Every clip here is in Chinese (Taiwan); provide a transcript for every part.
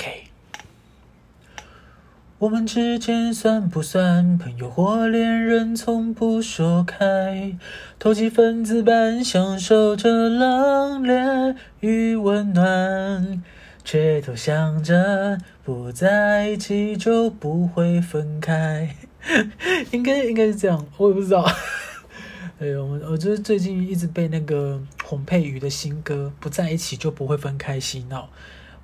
Okay. 我們之間算不算朋友或戀人？從不說開，投機分子般享受着冷冽與溫暖，卻都想着不在一起就不會分開。 應該應該是這樣，我也不知道。 哎喲我我就是最近一直被那個洪佩瑜的新歌《不在一起就不會分開》洗腦。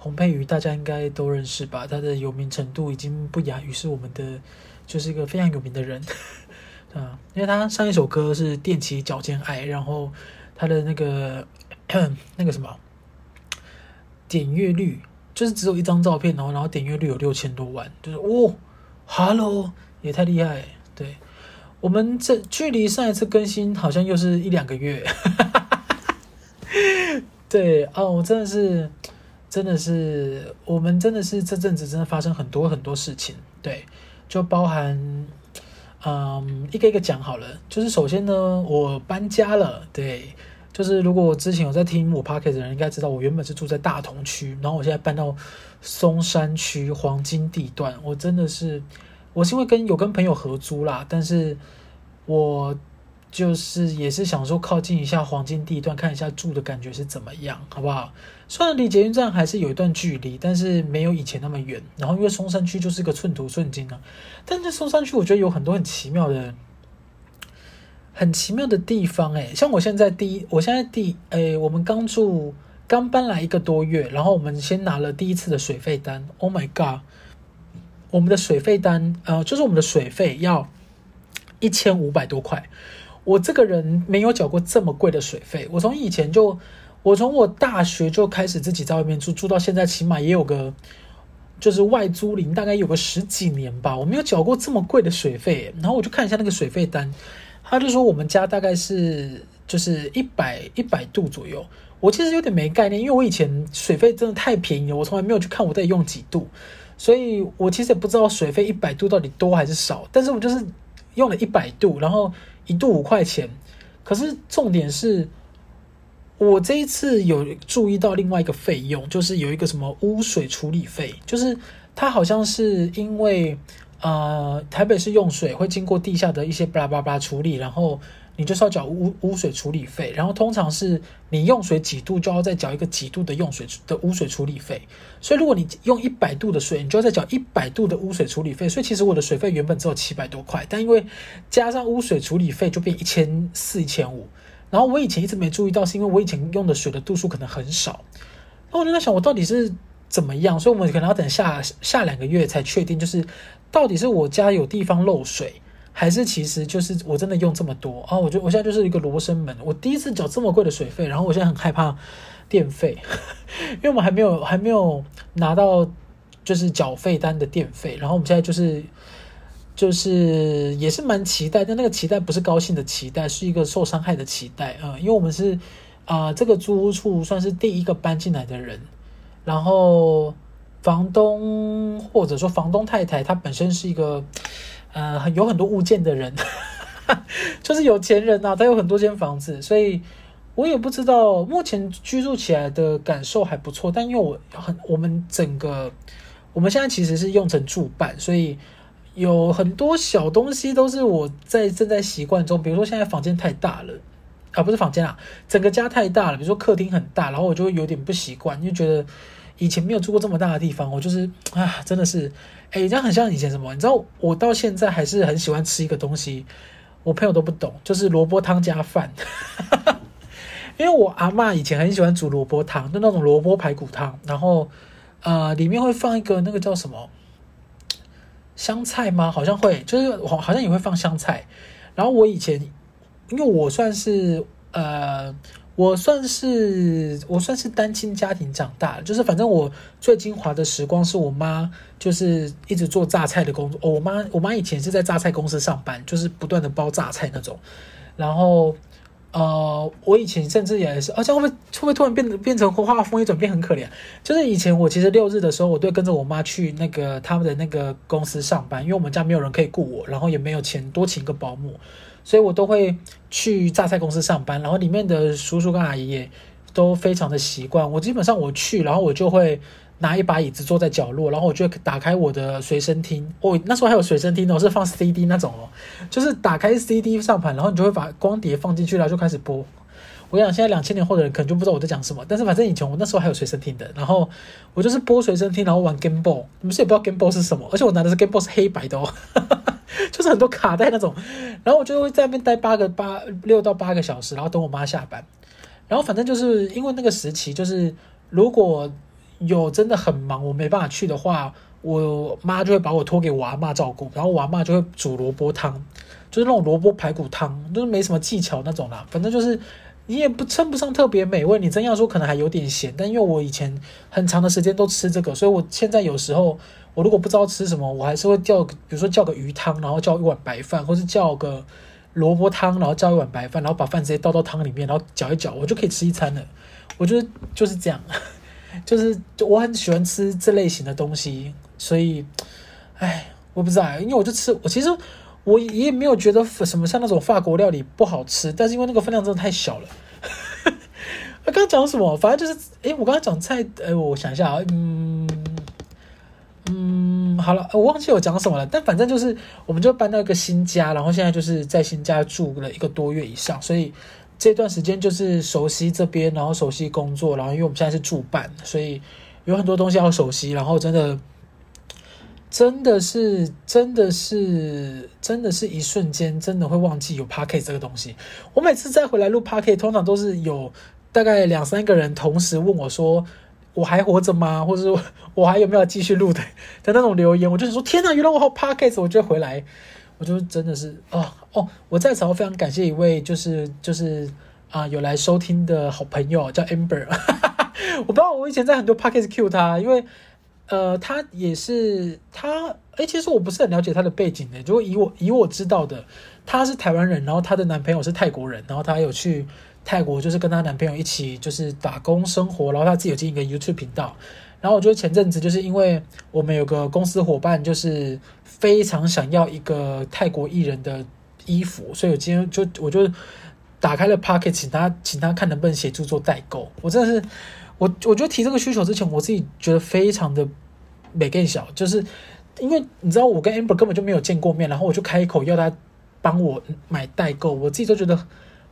洪佩瑜，大家應該都認識吧？他的有名程度已經不亞於是我們的，就是一個非常有名的人啊。 因為他上一首歌是踮起腳尖愛，然後他的那個那個什麼點閱率，就是只有一張照片，然後然後點閱率有六千多萬，就是哦，Hello 也太厲害！對我們這距離上一次更新好像又是一兩個月， 對哦，我真的是。真的是，我們真的是這陣子真的發生很多很多事情，對，就包含，嗯，一個一個講好了。就是首先呢，我搬家了，對，就是如果我之前有在聽我 podcast 的人，應該知道我原本是住在大同區，然後我現在搬到松山區黃金地段。我真的是，我是因為跟有跟朋友合租啦，但是我就是也是想說靠近一下黃金地段，看一下住的感覺是怎麼樣，好不好？雖然離捷運站還是有一段距離，但是沒有以前那麼遠。然後因為松山區就是個寸土寸金啊，但是松山區我覺得有很多很奇妙的、很奇妙的地方、欸。哎，像我現在第一，我現在第哎、欸，我們剛住，剛搬來一個多月，然後我們先拿了第一次的水費單。Oh my god！我們的水費單，呃，就是我們的水費要一千五百多塊。我這個人沒有繳過這麼貴的水費，我從以前就。我從我大學就開始自己在外面住，住到現在，起碼也有個，就是外租賃，大概有個十幾年吧。我沒有繳過這麼貴的水費，然後我就看一下那個水費單，他就說我們家大概是就是一百一百度左右。我其實有點沒概念，因為我以前水費真的太便宜了，我從來沒有去看我在用幾度，所以我其實也不知道水費一百度到底多還是少。但是我就是用了一百度，然後一度五塊錢，可是重點是，我這一次有注意到另外一個費用，就是有一個什麼污水處理費，就是它好像是因為，呃，台北市用水會經過地下的一些巴拉巴拉處理，然後你就是要繳污污水處理費，然後通常是你用水幾度就要再繳一個幾度的用水的污水處理費，所以如果你用一百度的水，你就要再繳一百度的污水處理費，所以其實我的水費原本只有七百多塊，但因為加上污水處理費就變一千四一千五。然後我以前一直沒注意到，是因為我以前用的水的度數可能很少，那我就在想我到底是怎麼樣？所以我們可能要等下下兩個月才確定，就是到底是我家有地方漏水，還是其實就是我真的用這麼多啊、哦？我覺得我現在就是一個羅生門，我第一次繳這麼貴的水費，然後我現在很害怕電費，因為我們還沒有還沒有拿到就是繳費單的電費，然後我們現在就是。就是也是蠻期待的，但那個期待不是高興的期待，是一個受傷害的期待啊、呃。因為我們是啊、呃，這個租屋處算是第一個搬進來的人，然後房東或者說房東太太，她本身是一個呃有很多物件的人， 就是有錢人吶、啊，她有很多間房子，所以我也不知道目前居住起來的感受還不錯，但因為我很我們整個我們現在其實是用成住辦，所以。有很多小東西都是我在正在習慣中，比如說現在房間太大了，啊不是房間啊，整個家太大了，比如說客廳很大，然後我就會有點不習慣，就覺得以前沒有住過這麼大的地方，我就是啊真的是，哎、欸，這樣很像以前什麼？你知道我到現在還是很喜歡吃一個東西，我朋友都不懂，就是蘿蔔湯加飯，哈哈哈，因為我阿嬤以前很喜歡煮蘿蔔湯，就那種蘿蔔排骨湯，然後呃裡面會放一個那個叫什麼？香菜嗎？好像會，就是好像也會放香菜。然後我以前，因為我算是呃，我算是我算是單親家庭長大的，就是反正我最精華的時光是我媽就是一直做榨菜的工作。哦，我媽，我媽以前是在榨菜公司上班，就是不斷的包榨菜那種。然後。呃，我以前甚至也是，而、啊、且會會會突然變變成畫風一轉變很可憐。就是以前我其實六日的時候，我對跟着我媽去那個他們的那個公司上班，因為我們家沒有人可以僱我，然後也沒有錢多請一個保姆，所以我都會去榨菜公司上班。然後裡面的叔叔跟阿姨也都非常的習慣我，基本上我去，然後我就會。拿一把椅子坐在角落，然後我就會打開我的隨身聽。哦，那時候還有隨身聽的，我是放 CD 那種哦，就是打開 CD 上盤，然後你就會把光碟放進去，然後就開始播。我跟你講，現在兩千年後的人可能就不知道我在講什麼，但是反正以前我那時候還有隨身聽的，然後我就是播隨身聽，然後玩 Game Boy。你們是也不知道 Game Boy 是什麼，而且我拿的是 Game Boy 是黑白的，哦， 就是很多卡帶那種。然後我就會在那邊待八個八六到八個小時，然後等我媽下班。然後反正就是因為那個時期，就是如果。有真的很忙，我沒辦法去的話，我媽就會把我托給我阿嬤照顧，然後我阿嬤就會煮蘿蔔湯，就是那種蘿蔔排骨湯，就是沒什麼技巧那種啦。反正就是你也不稱不上特別美味，你真要說可能還有點鹹。但因為我以前很長的時間都吃這個，所以我現在有時候我如果不知道吃什麼，我還是會叫，比如說叫個魚湯，然後叫一碗白飯，或是叫個蘿蔔湯，然後叫一碗白飯，然後把飯直接倒到湯裡面，然後攪一攪，我就可以吃一餐了。我覺得就是這樣。就是，就我很喜歡吃這類型的東西，所以，哎，我不知道，因為我就吃，我其實我也沒有覺得什麼像那種法國料理不好吃，但是因為那個分量真的太小了。 我剛剛講什麼？反正就是，哎、欸，我剛剛講菜，哎、欸，我想一下，嗯嗯，好了，我忘記我講什麼了，但反正就是，我們就搬到一個新家，然後現在就是在新家住了一個多月以上，所以。這段時間就是熟悉這邊，然後熟悉工作，然後因為我們現在是駐辦，所以有很多東西要熟悉。然後真的，真的是，真的是，真的是一瞬間，真的會忘記有 Podcast 這個東西。我每次再回來錄 Podcast，通常都是有大概兩三個人同時問我說：“我還活着嗎？”或者說我還有沒有繼續錄的？的那種留言，我就想說：“天哪，原來我好 Podcast，我就回來。”我就真的是哦哦，我在此我非常感謝一位，就是就是啊、呃、有來收聽的好朋友叫 Amber， 我不知道我以前在很多 Podcast cue 他，因為呃他也是他，誒、欸、其實我不是很了解他的背景的，如果以我以我知道的，他是台灣人，然後她的男朋友是泰國人，然後她有去泰國就是跟她男朋友一起就是打工生活，然後她自己有經營一個 YouTube 頻道，然後我覺得前陣子就是因為我們有個公司夥伴就是。非常想要一個泰國藝人的衣服，所以我今天就我就打開了 Pocket，請他請他看能不能協助做代購。我真的是，我我覺得提這個需求之前，我自己覺得非常的沒膽小，就是因為你知道我跟 Amber 根本就沒有見過面，然後我就開口要他幫我買代購，我自己都覺得。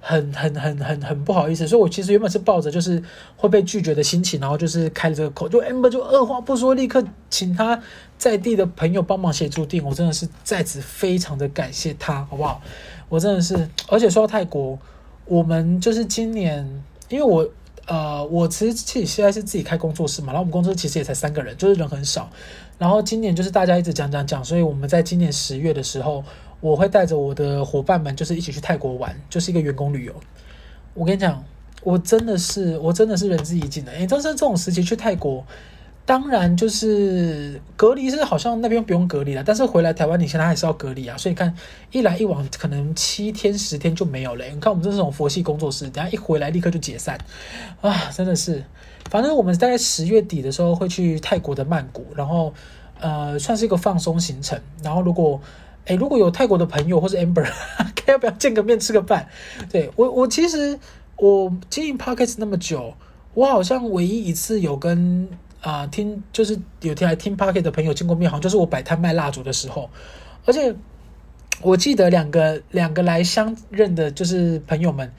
很很很很很不好意思，所以我其實原本是抱着就是會被拒絕的心情，然後就是開了這個口，就 Amber 就二話不說，立刻請他在地的朋友幫忙協助訂，我真的是在此非常的感謝他，好不好？我真的是，而且說到泰國，我們就是今年，因為我呃，我其實自己現在是自己開工作室嘛，然後我們公司其實也才三個人，就是人很少，然後今年就是大家一直講講講，所以我們在今年十月的時候。我會帶着我的夥伴們，就是一起去泰國玩，就是一個員工旅遊。我跟你講，我真的是，我真的是仁至義盡的。誒，但是這種時期去泰國，當然就是隔離，是好像那邊不用隔離了，但是回來台灣，你現在還是要隔離啊。所以你看，一來一往，可能七天十天就沒有了欸。你看我們這種佛系工作室，等下一回來立刻就解散啊，真的是。反正我們大概十月底的時候會去泰國的曼谷，然後呃，算是一個放鬆行程。然後如果誒、欸，如果有泰國的朋友或是 Amber， 要不要見個面吃個飯？對，我，我其實我經營 Pockets 那麼久，我好像唯一一次有跟啊、呃、聽就是有聽來聽 Pockets 的朋友見過面，好像就是我擺攤賣蠟燭的時候。而且我記得兩個兩個來相認的，就是朋友們，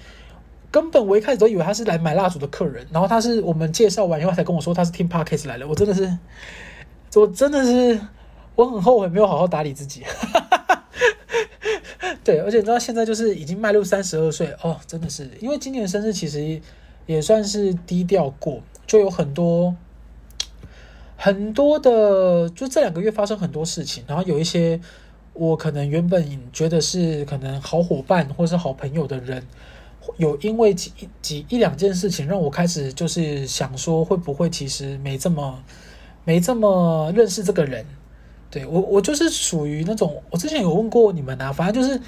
根本我一開始都以為他是來買蠟燭的客人，然後他是我們介紹完以後才跟我說他是聽 Pockets 來的。我真的是，我真的是。我很後悔沒有好好打理自己， 對，而且你知道現在就是已經邁入三十二歲哦，真的是。因為今年生日其實也算是低調過，就有很多很多的，就這兩個月發生很多事情，然後有一些我可能原本覺得是可能好夥伴或是好朋友的人，有因為幾幾一兩件事情讓我開始就是想說，會不會其實沒這麼沒這麼認識這個人。對我，我就是屬於那種，我之前有問過你們啊，反正就是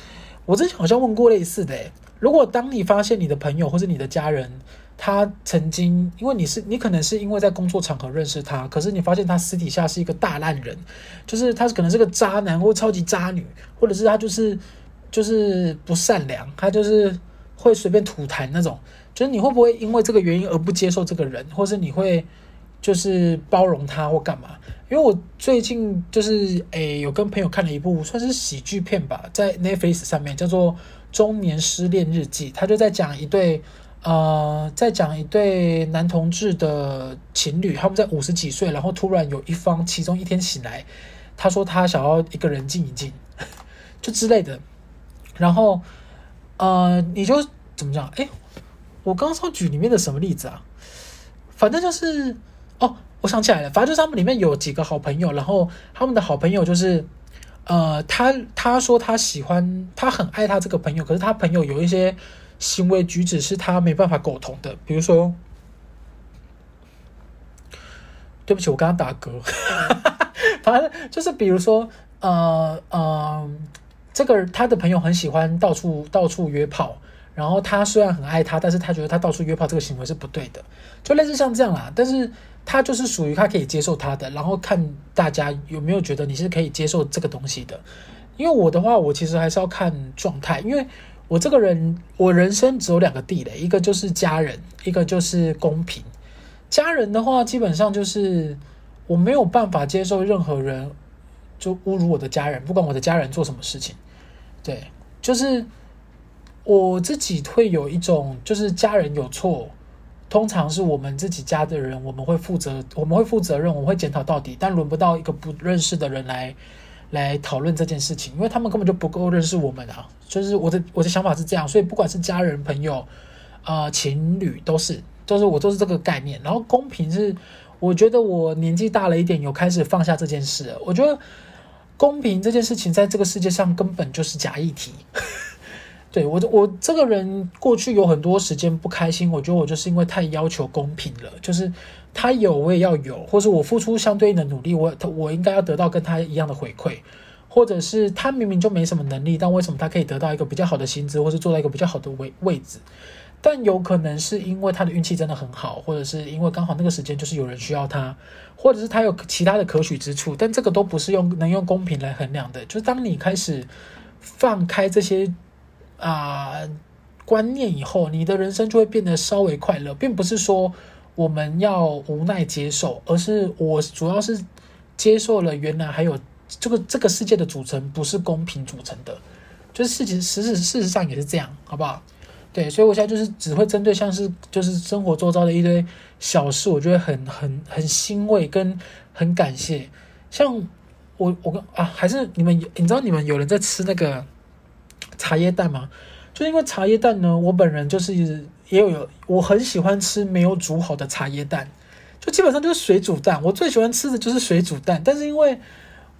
我之前好像問過類似的、欸。如果當你發現你的朋友或是你的家人，他曾經因為你是你可能是因為在工作場合認識他，可是你發現他私底下是一個大爛人，就是他可能是個渣男或超級渣女，或者是他就是就是不善良，他就是會隨便吐痰那種，就是你會不會因為這個原因而不接受這個人，或是你會？就是包容他或幹嘛，因為我最近就是誒、欸，有跟朋友看了一部算是喜劇片吧，在 Netflix 上面叫做《中年失戀日記》，他就在講一對呃，在講一對男同志的情侶，他們在五十幾歲，然後突然有一方其中一天醒來，他說他想要一個人靜一靜，就之類的。然後呃，你就怎麼講？誒、欸，我剛剛舉裡面的什麼例子啊？反正就是。哦，我想起來了，反正就是他們裡面有幾個好朋友，然後他們的好朋友就是，呃，他他說他喜歡，他很愛他這個朋友，可是他朋友有一些行為舉止是他沒辦法苟同的，比如說，對不起，我剛剛打嗝， 反正就是比如說，呃呃，這個他的朋友很喜歡到處到處約炮。然後他雖然很愛他，但是他覺得他到處約炮這個行為是不對的，就類似像這樣啦，啊，但是他就是屬於他可以接受他的，然後看大家有沒有覺得你是可以接受這個東西的。因為我的話，我其實還是要看狀態，因為我這個人，我人生只有兩個地雷：一個就是家人，一個就是公平。家人的話，基本上就是我沒有辦法接受任何人就侮辱我的家人，不管我的家人做什麼事情，對，就是。我自己會有一種，就是家人有錯，通常是我們自己家的人，我們會負責，我們會負責任，我們會檢討到底，但輪不到一個不認識的人來來討論這件事情，因為他們根本就不夠認識我們啊。就是我的我的想法是這樣，所以不管是家人、朋友、啊、呃、情侶都是，都是都是我都是這個概念。然後公平是，我覺得我年紀大了一點，有開始放下這件事。我覺得公平這件事情，在這個世界上根本就是假議題。對我，我這個人過去有很多時間不開心。我覺得我就是因為太要求公平了，就是他有我也要有，或者我付出相對應的努力，我我應該要得到跟他一樣的回饋，或者是他明明就沒什麼能力，但為什麼他可以得到一個比較好的薪資，或是做到一個比較好的位位置？但有可能是因為他的運氣真的很好，或者是因為剛好那個時間就是有人需要他，或者是他有其他的可取之處。但這個都不是用能用公平來衡量的。就是當你開始放開這些。啊、呃，觀念以後，你的人生就會變得稍微快樂，並不是說我們要無奈接受，而是我主要是接受了原來還有這個這個世界的組成不是公平組成的，就是事情實事事實上也是這樣，好不好？對，所以我現在就是只會針對像是就是生活周遭的一堆小事，我覺得很很很欣慰跟很感謝。像我我跟啊，還是你們你知道你們有人在吃那個。茶葉蛋嘛，就因為茶葉蛋呢，我本人就是也有有，我很喜歡吃沒有煮好的茶葉蛋，就基本上就是水煮蛋。我最喜歡吃的就是水煮蛋，但是因為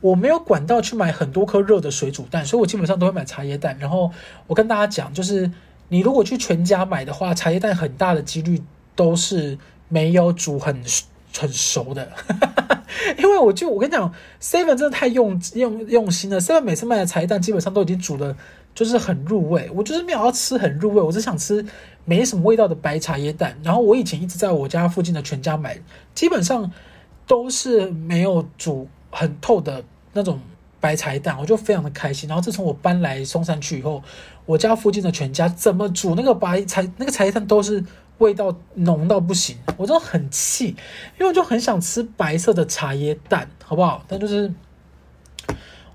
我沒有管道去買很多顆熱的水煮蛋，所以我基本上都會買茶葉蛋。然後我跟大家講，就是你如果去全家買的話，茶葉蛋很大的幾率都是沒有煮很很熟的， 因為我就我跟你講，seven 真的太用用用心了，seven 每次賣的茶葉蛋基本上都已經煮了。就是很入味，我就是沒有要吃很入味，我只想吃沒什麼味道的白茶葉蛋。然後我以前一直在我家附近的全家買，基本上都是沒有煮很透的那種白茶葉蛋，我就非常的開心。然後自從我搬來松山區以後，我家附近的全家怎麼煮那個白茶那個茶葉蛋都是味道濃到不行，我真的很氣，因為我就很想吃白色的茶葉蛋，好不好？但就是。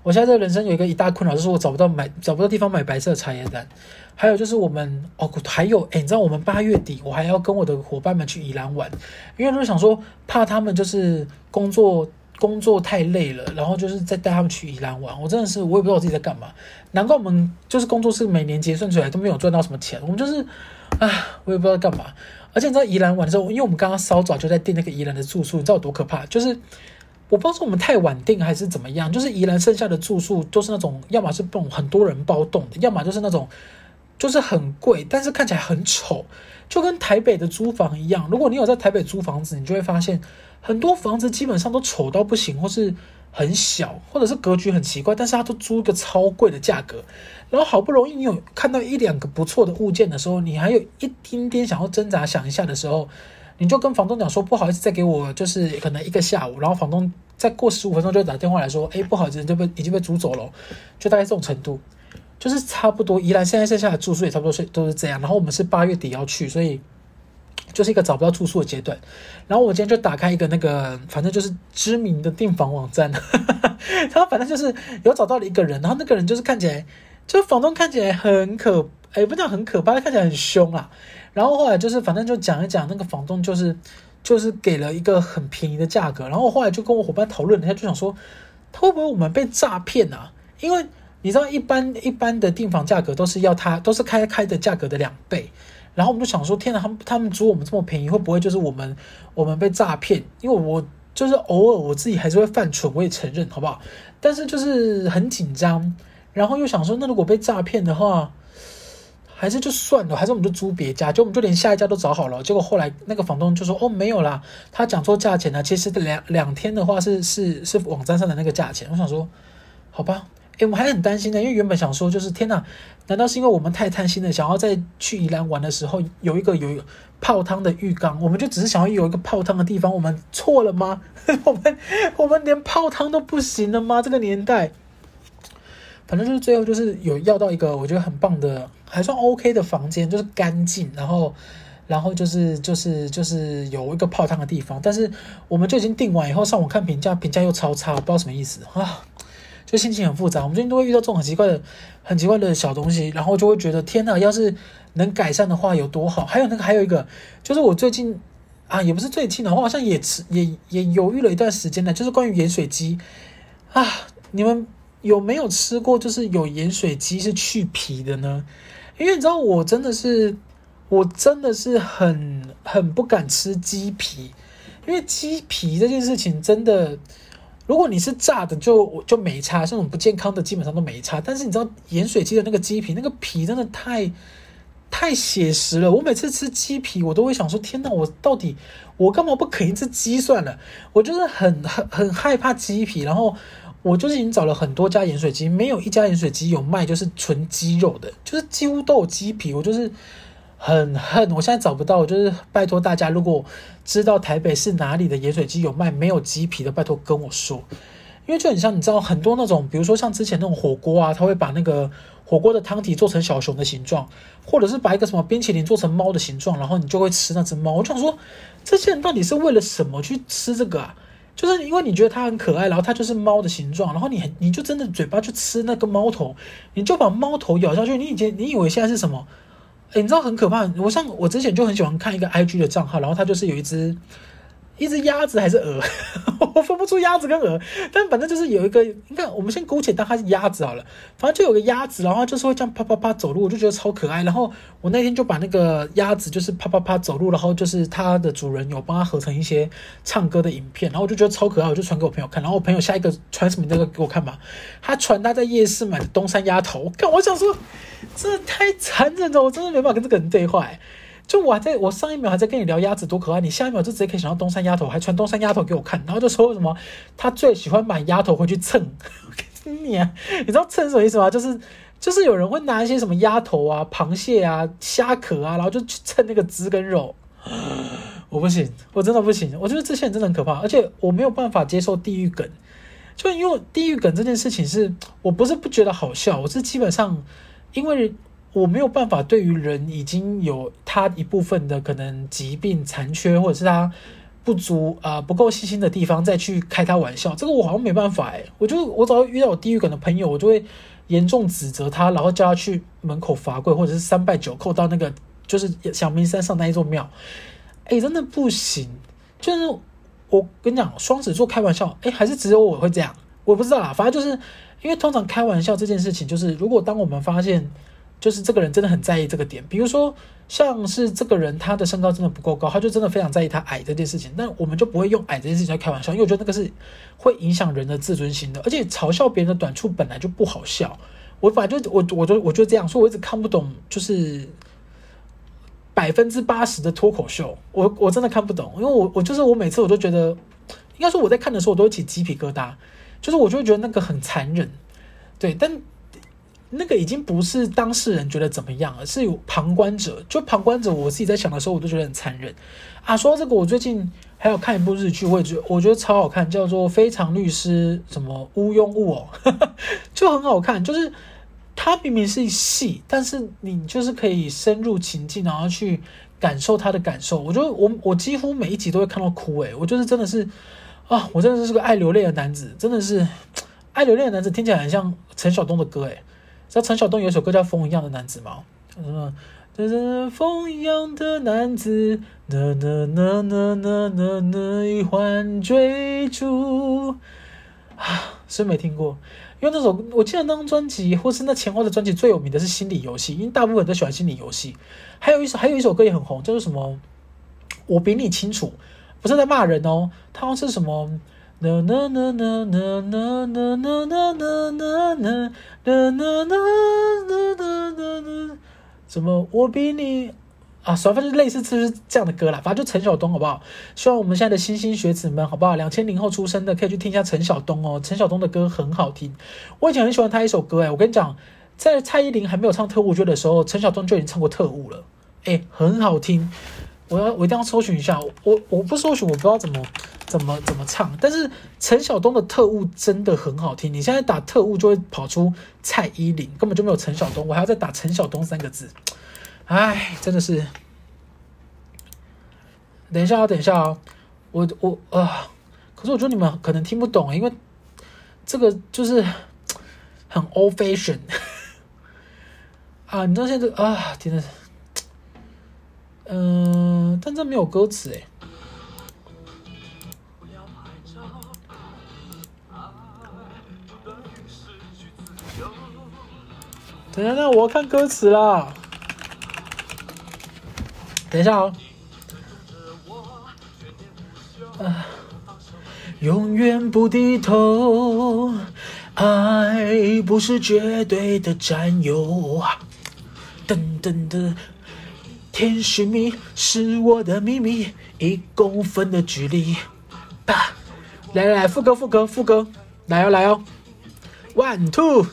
我現在的人生有一個一大困擾，就是我找不到買找不到地方買白色的茶葉蛋。還有就是我們哦，還有誒、欸，你知道我們八月底我還要跟我的夥伴們去宜蘭玩，因為我想說怕他們就是工作工作太累了，然後就是再帶他們去宜蘭玩，我真的是我也不知道我自己在幹嘛，難怪我們就是工作室每年結算出來都沒有賺到什麼錢，我們就是啊，我也不知道幹嘛，而且你知道宜蘭玩的時候，因為我們剛剛稍早就在訂那個宜蘭的住宿，你知道有多可怕，就是。我不知道是我們太晚訂，還是怎麼樣，就是宜蘭剩下的住宿都是那種，要麼是被很多人包棟的，要麼就是那種，就是很貴，但是看起來很醜，就跟台北的租房一樣。如果你有在台北租房子，你就會發現很多房子基本上都醜到不行，或是很小，或者是格局很奇怪，但是它都租一個超貴的價格。然後好不容易你有看到一兩個不錯的物件的時候，你還有一丁點想要掙扎想一下的時候。你就跟房東講說不好意思，再給我就是可能一個下午，然後房東再過十五分鐘就打電話來說，哎，不好意思，你就被已經被租走了，就大概這種程度，就是差不多。宜蘭現在剩下的住宿也差不多是都是這樣。然後我們是八月底要去，所以就是一個找不到住宿的階段。然後我今天就打開一個那個，反正就是知名的訂房網站呵呵，然後反正就是有找到了一個人，然後那個人就是看起來，就是房東看起來很可，哎，不講很可怕，看起來很兇啊。然後後來就是，反正就講一講那個房東，就是，就是給了一個很便宜的價格。然後後來就跟我夥伴討論了一下，就想說，他會不會我們被詐騙啊？因為你知道，一般一般的訂房價格都是要他都是開開的價格的兩倍。然後我們就想說，天哪，他們他們租我們這麼便宜，會不會就是我們我們被詐騙？因為我就是偶爾我自己還是會犯蠢，我也承認，好不好？但是就是很緊張，然後又想說，那如果被詐騙的話。還是就算了，還是我們就租別家，就我們就連下一家都找好了。結果後來那個房東就說：“哦，沒有啦，他講錯價錢了啊。”其實兩兩天的話是是是網站上的那個價錢。我想說，好吧，誒我們還很擔心的欸，因為原本想說就是天哪，難道是因為我們太貪心了，想要在去宜蘭玩的時候有一個有泡湯的浴缸？我們就只是想要有一個泡湯的地方，我們錯了嗎？ 我們我們連泡湯都不行了嗎？這個年代，反正就是最後就是有要到一個我覺得很棒的。還算 OK 的房間，就是乾淨，然後，然後就是就是就是有一個泡湯的地方，但是我們就已經訂完以後，上網看評價，評價又超差，我不知道什麼意思啊，就心情很複雜。我們最近都會遇到這種很奇怪的、很奇怪的小東西，然後就會覺得天吶，要是能改善的話有多好。還有那個還有一個，就是我最近啊，也不是最近的話，我好像也吃也也猶豫了一段時間的，就是關於鹽水雞啊，你們有沒有吃過，就是有鹽水雞是去皮的呢？因為你知道，我真的是，我真的是很很不敢吃雞皮，因為雞皮這件事情真的，如果你是炸的就，就我就沒差；像那種不健康的，基本上都沒差。但是你知道鹽水雞的那個雞皮，那個皮真的太太寫實了。我每次吃雞皮，我都會想說：天哪，我到底我幹嘛不啃一隻雞算了？我就是很很很害怕雞皮。然後。我就是已經找了很多家鹽水雞，沒有一家鹽水雞有賣就是純雞肉的，就是幾乎都有雞皮。我就是很恨，我現在找不到。我就是拜托大家，如果知道台北市哪裡的鹽水雞有賣沒有雞皮的，拜托跟我說。因為就很像，你知道很多那種，比如說像之前那種火鍋啊，他會把那個火鍋的湯底做成小熊的形狀，或者是把一個什麼冰淇淋做成貓的形狀，然後你就會吃那隻貓。我就想說，這些人到底是為了什麼去吃這個啊？就是因為你覺得它很可愛，然後它就是貓的形狀，然後你很你就真的嘴巴，去吃那個貓頭，你就把貓頭咬下去，你以前你以為現在是什麼？哎、欸，你知道很可怕。我像我之前就很喜歡看一個 IG 的賬號，然後它就是有一只。一隻鴨子還是鵝， 我分不出鴨子跟鵝，但反正就是有一個，你看，我們先姑且當它是鴨子好了，反正就有個鴨子，然後就是會這樣啪，啪啪啪走路，我就覺得超可愛。然後我那天就把那個鴨子，就是啪，啪啪啪走路，然後就是它的主人有幫它合成一些唱歌的影片，然後我就覺得超可愛，我就傳給我朋友看。然後我朋友下一個傳什麼那個給我看嘛，他傳他在夜市買的東山鴨頭，我看我想說，真的太殘忍了，我真的沒辦法跟這個人對話，欸。就我還在，我上一秒還在跟你聊鴨子多可愛，你下一秒就直接可以想到東山鴨頭，還傳東山鴨頭給我看，然後就說什麼他最喜歡買鴨頭回去蹭。 你啊，你知道蹭什麼意思嗎？就是就是有人會拿一些什麼鴨頭啊、螃蟹啊、蝦殼啊，然後就去蹭那個汁跟肉。 我不行，我真的不行，我覺得這些人真的很可怕，而且我沒有辦法接受地獄梗，就因為地獄梗這件事情是我不是不覺得好笑，我是基本上因為。我沒有辦法對於人已經有他一部分的可能疾病殘缺或者是他不足啊、呃、不夠細心的地方再去開他玩笑，這個我好像沒辦法誒、欸，我就我只要遇到我地獄感的朋友，我就會嚴重指責他，然後叫他去門口罰跪或者是三拜九叩到那個就是小明山上那一座廟，誒、欸，真的不行，就是我跟你講，雙子座開玩笑，誒、欸，還是只有我會這樣？我不知道啊，反正就是因為通常開玩笑這件事情，就是如果當我們發現。就是這個人真的很在意這個點，比如說像是這個人他的身高真的不夠高，他就真的非常在意他矮這件事情。但我們就不會用矮這件事情來開玩笑，因為我覺得那個是會影響人的自尊心的，而且嘲笑別人的短處本來就不好笑。我反正我我就我就這樣說，我一直看不懂，就是百分之八十的脫口秀，我我真的看不懂，因為我我就是我每次我都覺得，應該說我在看的時候我都起雞皮疙瘩，就是我就會覺得那個很殘忍，對，但。那個已經不是當事人覺得怎麼樣，而是有旁觀者。就旁觀者，我自己在想的時候，我都覺得很殘忍啊。說到這個，我最近還有看一部日劇，我也覺我覺得超好看，叫做《非常律師》什麼禹英禑哦， 就很好看。就是他明明是一戲，但是你就是可以深入情境，然後去感受他的感受。我覺得我我幾乎每一集都會看到哭哎，我就是真的是啊，我真的是個愛流淚的男子，真的是愛流淚的男子，聽起來很像陳曉東的歌哎。在陳曉東有一首歌叫《風一樣的男子嗎》嗎？嗯，嗯，風一樣的男子，吶吶吶吶吶吶吶，一環追逐啊，真沒聽過。因為那首我記得那張專輯，或是那前後的專輯最有名的是《心理遊戲》，因為大部分人都喜歡《心理遊戲》。還有一首，還有一首歌也很紅，叫做什麼？我比你清楚，不是在罵人哦。他是什麼？啦啦啦啦啦啦啦啦啦啦啦啦啦啦啦啦啦啦啦！怎麼我比你啊？反正就類似就是這樣的歌了，反正就陳曉東好不好？希望我們現在的莘莘學子們好不好？兩千零後出生的可以去聽一下陳曉東哦，陳曉東的歌很好聽。我以前很喜歡他一首歌，欸、我跟你講，在蔡依林還沒有唱《特務 J》的時候，陳曉東就已經唱過《特務》了，哎、欸，很好聽。我要我一定要搜尋一下，我我不搜尋我不知道怎麼怎麼怎麼唱，但是陳曉東的《特務》真的很好聽。你現在打“特務”就會跑出蔡依林，根本就沒有陳曉東。我還要再打“陳曉東”三個字，哎，真的是。等一下啊、哦，等一下啊、哦，我我啊，可是我覺得你們可能聽不懂，因為這個就是很 old fashion 啊！你知道現在啊，天哪！嗯、呃，但這沒有歌詞哎、欸。等下，那我要看歌詞啦。等一下哦，啊、永遠不低頭，愛不是絕對的占有，等等的。噔噔噔噔天使祕是我的祕密，一公分的距離。來來來，副歌副歌副歌，來哦、喔、來哦、喔、One two，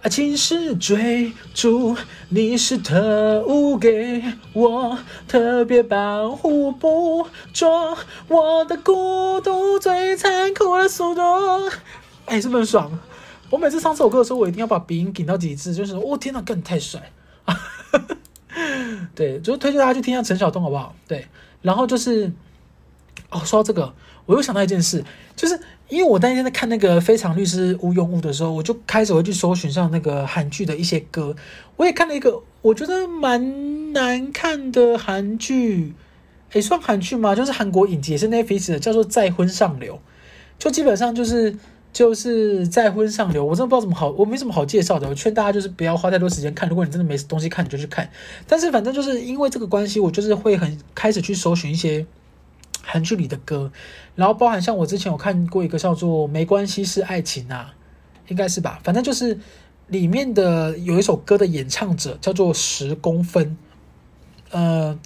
愛、啊、情是追逐，你是特務，給我特別保護，捕捉我的孤獨最殘酷的速度。哎、欸，這麼爽！我每次唱這首歌的時候，我一定要把鼻音頂到極致，就是我、哦、天吶，哥你太帥！啊哈哈，對，就推薦大家去聽一下陳小東，好不好？對，然後就是，哦，說到這個，我又想到一件事，就是因為我當天在看那個《非常律師禹英禑》的時候，我就開始我去搜尋上那個韓劇的一些歌。我也看了一個，我覺得蠻難看的韓劇，誒、欸、算韓劇嗎？就是韓國影集，也是 Netflix 的，叫做《再婚上流》，就基本上就是。就是再婚上流，我真的不知道怎麼好，我沒什麼好介紹的。我勸大家就是不要花太多時間看，如果你真的沒東西看，你就去看。但是反正就是因為這個關係，我就是會很開始去搜尋一些韓劇裡的歌，然後包含像我之前有看過一個叫做《沒關係是愛情》啊，應該是吧？反正就是裡面的有一首歌的演唱者叫做十公分，呃，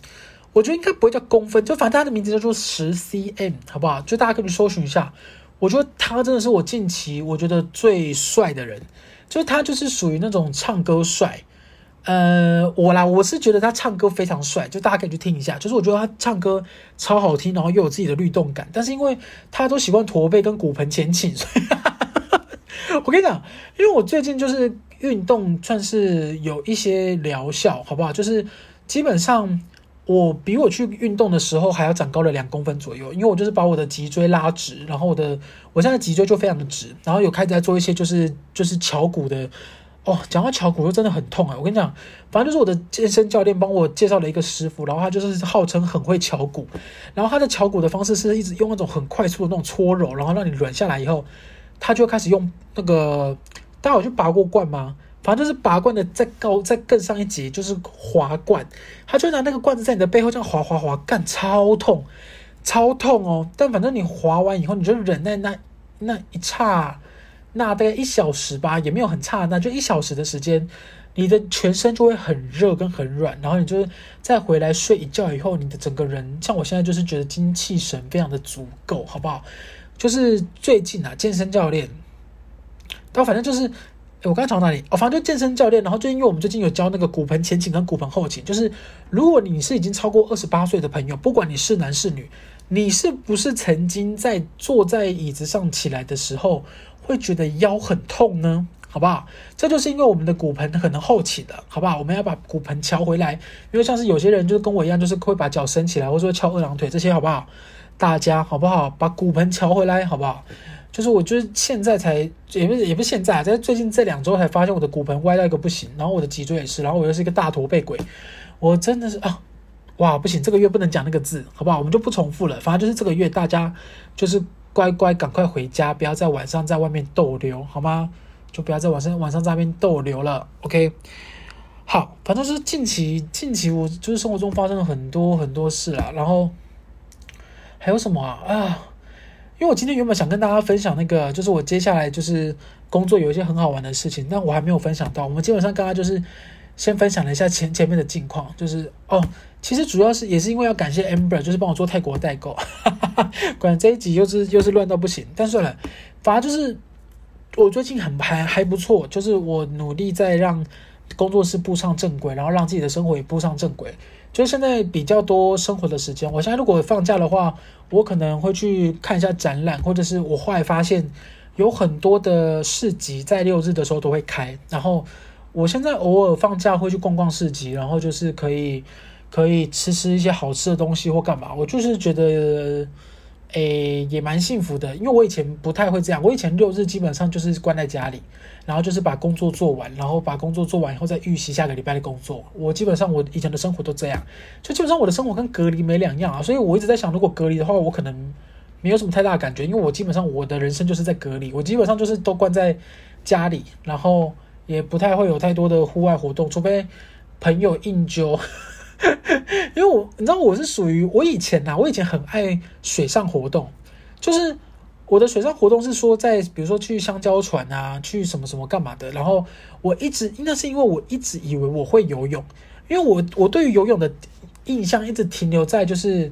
我覺得應該不會叫公分，就反正它的名字叫做十 cm，好不好？就大家可以搜尋一下。我覺得他真的是我近期我覺得最帥的人，就是他就是屬於那種唱歌帥，呃，我啦，我是覺得他唱歌非常帥，就大家可以去聽一下，就是我覺得他唱歌超好聽，然後又有自己的律動感，但是因為他都喜歡駝背跟骨盆前傾，所以， 我跟你講，因為我最近就是運動算是有一些療效，好不好？就是基本上。我比我去運動的時候還要長高了兩公分左右，因為我就是把我的脊椎拉直，然後我的我現在脊椎就非常的直，然後有開始在做一些就是就是喬骨的。哦，講到喬骨就真的很痛啊、欸！我跟你講，反正就是我的健身教練幫我介紹了一個師傅，然後他就是號稱很會喬骨，然後他的喬骨的方式是一直用那種很快速的那種搓揉，然後讓你軟下來以後，他就開始用那個，大家有去拔過罐嗎？反正就是拔罐的，再高再更上一級就是滑罐，他就拿那個罐子在你的背後這樣滑滑滑，幹，超痛，超痛哦。但反正你滑完以後，你就忍耐那那一剎那，大概一小時吧，也沒有很差，那就一小時的時間，你的全身就會很熱跟很軟，然後你就是再回來睡一覺以後，你的整個人像我現在就是覺得精氣神非常的足夠，好不好？就是最近啊，健身教練，他反正就是。哎，我剛才從那裡？哦，反正就健身教練。然後，最近因為我們最近有教那個骨盆前傾跟骨盆後傾，就是如果你是已經超過二十八歲的朋友，不管你是男是女，你是不是曾經在坐在椅子上起來的時候會覺得腰很痛呢？好不好？這就是因為我們的骨盆很能後傾的，好不好？我們要把骨盆翹回來，因為像是有些人就是跟我一樣，就是會把腳伸起來，或者說翹二郎腿這些，好不好？大家好不好？把骨盆翹回來，好不好？就是我就是現在才也不是也不是現在，在最近這兩週才發現我的骨盆歪到一個不行，然後我的脊椎也是，然後我又是一個大駝背鬼，我真的是啊，哇，不行，這個月不能講那個字，好不好？我們就不重複了，反正就是這個月大家就是乖乖趕快回家，不要在晚上在外面逗留，好嗎？就不要在晚上晚上在外面逗留了，OK。好，反正就是近期近期我就是生活中發生了很多很多事啊，然後還有什麼啊？啊？因為我今天原本想跟大家分享那個，就是我接下來就是工作有一些很好玩的事情，但我還沒有分享到。我們基本上剛剛就是先分享了一下前前面的近況，就是哦，其實主要是也是因為要感謝 Amber，就是幫我做泰國代購哈哈。管這一集又是又是亂到不行，但是呢反而就是我最近很還還不錯，就是我努力在讓。工作室步上正軌，然後讓自己的生活也步上正軌。就是現在比較多生活的時間。我現在如果放假的話，我可能會去看一下展覽，或者是我後來發現有很多的市集在六日的時候都會開。然後我現在偶爾放假會去逛逛市集，然後就是可以可以吃吃一些好吃的東西或幹嘛。我就是覺得，誒、欸，也蠻幸福的，因為我以前不太會這樣。我以前六日基本上就是關在家裡。然後就是把工作做完，然後把工作做完以後再預習下個禮拜的工作。我基本上我以前的生活都這樣，就基本上我的生活跟隔離沒兩樣啊。所以我一直在想，如果隔離的話，我可能沒有什麼太大的感覺，因為我基本上我的人生就是在隔離，我基本上就是都關在家裡，然後也不太會有太多的戶外活動，除非朋友硬揪。 因為我你知道我是屬於我以前吶、啊，我以前很愛水上活動，就是。我的水上活動是說，在比如說去香蕉船啊，去什麼什麼幹嘛的。然後我一直應該是因為我一直以為我會游泳，因為我我對於游泳的印象一直停留在就是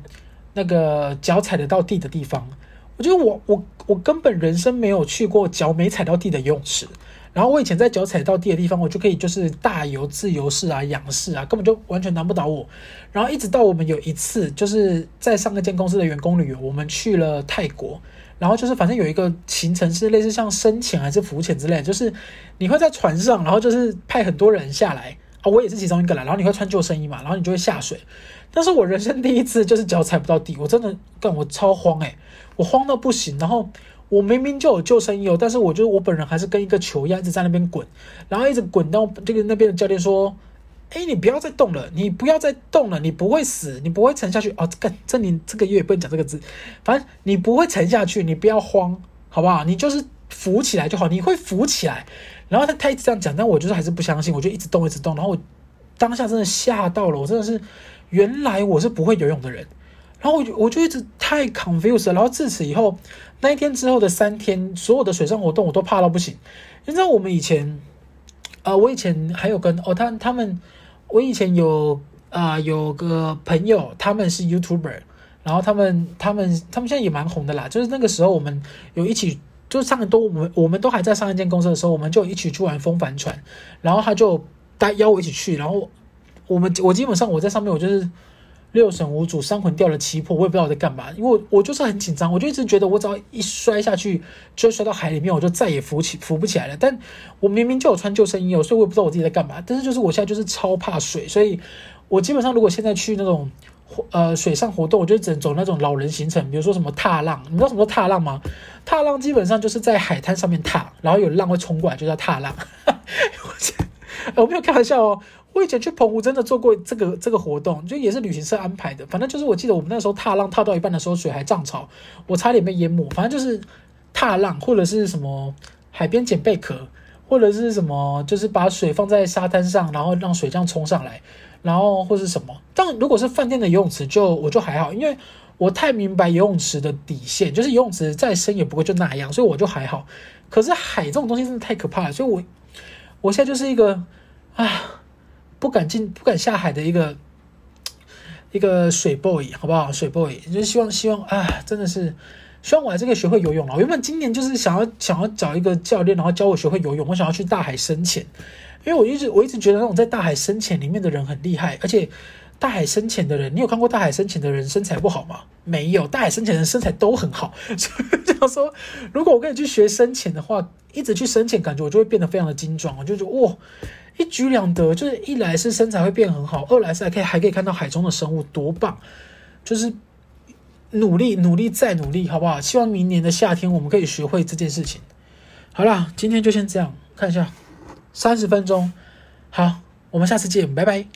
那個腳踩得到地的地方。就我覺得我我我根本人生沒有去過腳沒踩到地的游泳池。然後我以前在腳踩到地的地方，我就可以就是大游自由式啊、仰式啊，根本就完全難不倒我。然後一直到我們有一次就是在上個間公司的員工旅遊，我們去了泰國。然後就是，反正有一個行程是類似像深潛還是浮潛之類的，就是你會在船上，然後就是派很多人下來啊，我也是其中一個啦。然後你會穿救生衣嘛，然後你就會下水。但是我人生第一次就是腳踩不到地，我真的幹，我超慌誒、欸，我慌到不行。然後我明明就有救生衣哦，但是我就是我本人還是跟一個球一樣，一直在那邊滾，然後一直滾到這個那邊的教練說。誒，你不要再動了，你不要再動了，你不會死，你不會沉下去哦這。這個，這你這個月不能講這個字，反正你不會沉下去，你不要慌，好不好？你就是浮起來就好，你會浮起來。然後他他一直這樣講，但我就是還是不相信，我就一直動，一直動。然後我當下真的嚇到了，我真的是原來我是不會游泳的人。然後我就我就一直太 confused 了然後自此以後，那一天之後的三天，所有的水上活動我都怕到不行。你知道我們以前，呃，我以前還有跟哦，他他們。我以前有啊、呃，有個朋友，他們是 YouTuber，然後他們、他們、他們現在也蠻紅的啦。就是那個時候，我們有一起，就是上都我們我們都還在上一間公司的時候，我們就一起去玩風帆船，然後他就帶邀我一起去，然後我們我基本上我在上面，我就是。六神無主，三魂掉了七魄，我也不知道我在幹嘛。因為我，我就是很緊張，我就一直覺得我只要一摔下去，就摔到海裡面，我就再也浮起浮不起來了。但我明明就有穿救生衣哦，所以我也不知道我自己在幹嘛。但是就是我現在就是超怕水，所以我基本上如果現在去那種呃水上活動，我就只能走那種老人行程，比如說什麼踏浪。你知道什麼叫踏浪嗎？踏浪基本上就是在海灘上面踏，然後有浪會衝過來，就叫踏浪。呵呵我我沒有開玩笑哦。我以前去澎湖真的做過這個這個活動，就也是旅行社安排的。反正就是，我記得我們那時候踏浪踏到一半的時候，水還漲潮，我差點被淹沒。反正就是踏浪或者是什麼海邊撿貝殼，或者是什麼,是什麼就是把水放在沙灘上，然後讓水這樣沖上來，然後或是什麼。但如果是飯店的游泳池就，就我就還好，因為我太明白游泳池的底線，就是游泳池再深也不會就那樣，所以我就還好。可是海這種東西真的太可怕了，所以我我現在就是一個啊。不敢進、不敢下海的一個一個水 boy，好不好？水 boy，就希望希望啊，真的是希望我還是可以學會游泳了。我原本今年就是想要想要找一個教練，然後教我學會游泳。我想要去大海深潛，因為我一直我一直覺得那種在大海深潛裡面的人很厲害。而且大海深潛的人，你有看過大海深潛的人身材不好嗎？沒有，大海深潛的人身材都很好。所以這樣說，如果我跟你去學深潛的話，一直去深潛，感覺我就會變得非常的精壯。我就覺得哇。一舉兩得，就是一來是身材會變很好，二來是還可以還可以看到海中的生物，多棒！就是努力努力再努力，好不好？希望明年的夏天我們可以學會這件事情。好啦，今天就先這樣，看一下三十分鐘。好，我們下次見，拜拜。